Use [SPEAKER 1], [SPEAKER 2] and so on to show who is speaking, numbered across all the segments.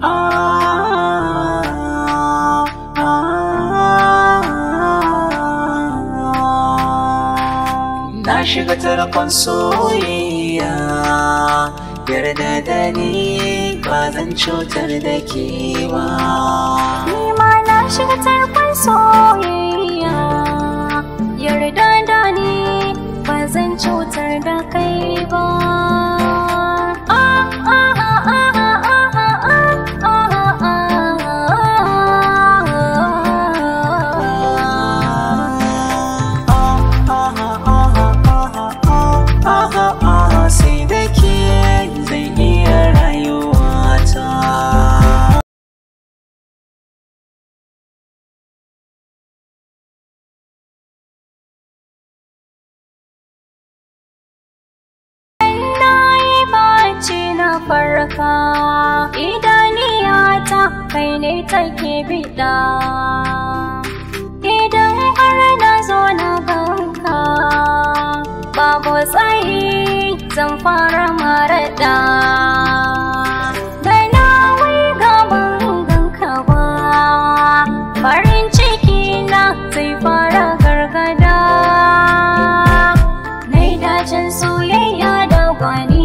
[SPEAKER 1] Na shiga tarkon soyayya Yarda da ni ba zan cutar da ke ba
[SPEAKER 2] Ni ma na shiga tarkon soyayya Yarda ka idaniyata kai ne take biɗa idan har na zo na ganka babu tsayi zan fara maraɗa farin ciki na zai fara gargada mai dajin soyayya da gwani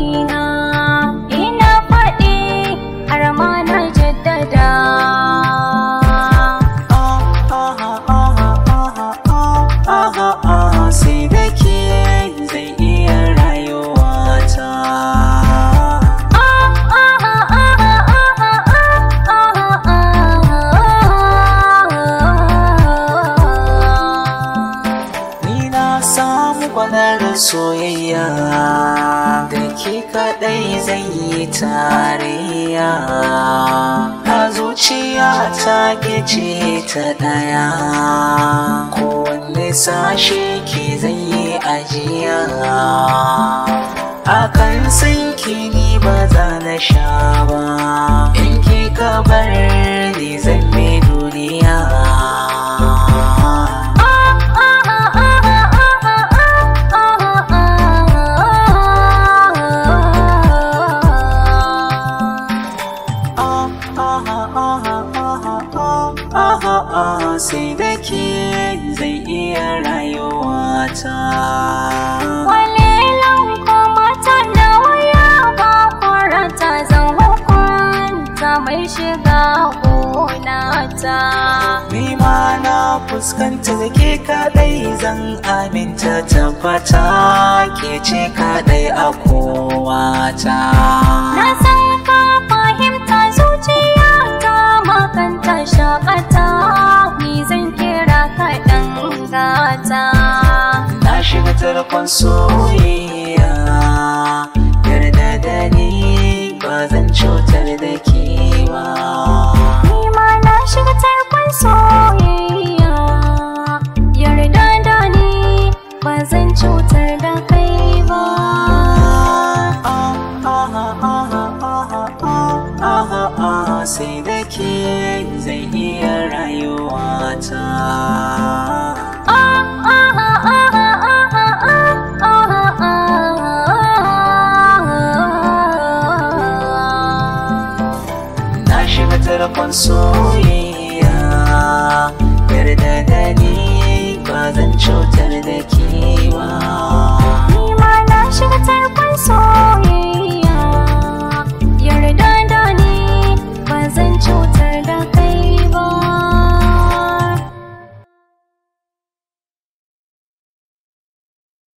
[SPEAKER 1] soyayya da ke kaɗai zan yi tariya a zuciya ta ce ta ɗaya kowanne sashe ke zan yi ajiya a kan sinki ni ba za na sha ba in ki kabar ne zan da waya
[SPEAKER 2] sa mai shiga gonata. Ni
[SPEAKER 1] na fuskantar da ke kaɗai zan aminta tabbata ke ce kaɗai a kowata. Na san ka fahimta zuciya ta makanta shakata ni
[SPEAKER 2] zan kira kaɗan gata.
[SPEAKER 1] tarkon soyayya yarda da ni ba zan cutar da ke ba ni na shiga tarkon
[SPEAKER 2] soyayya yarda da ni ba zan cutar da
[SPEAKER 1] kai ba sai da ke rayuwata shiga tarkon soyayya yarda da ni ba zan cutar da